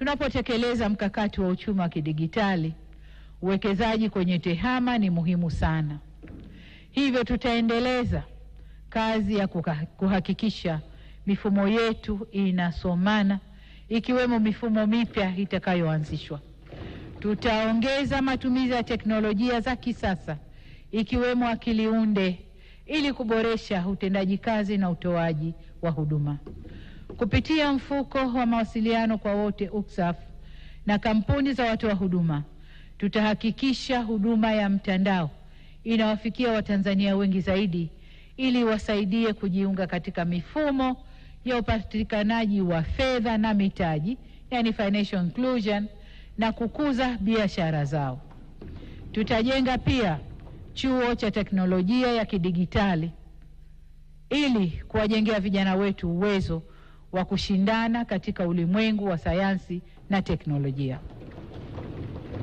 Tunapotekeleza mkakati wa uchumi wa kidigitali, uwekezaji kwenye tehama ni muhimu sana. Hivyo tutaendeleza kazi ya kuhakikisha mifumo yetu inasomana, ikiwemo mifumo mipya itakayoanzishwa. Tutaongeza matumizi ya teknolojia za kisasa ikiwemo akili unde ili kuboresha utendaji kazi na utoaji wa huduma kupitia mfuko wa mawasiliano kwa wote UCSAF na kampuni za watoa huduma tutahakikisha huduma ya mtandao inawafikia Watanzania wengi zaidi ili wasaidie kujiunga katika mifumo ya upatikanaji wa fedha na mitaji, yani financial inclusion, na kukuza biashara zao. Tutajenga pia chuo cha teknolojia ya kidigitali ili kuwajengea vijana wetu uwezo wa kushindana katika ulimwengu wa sayansi na teknolojia.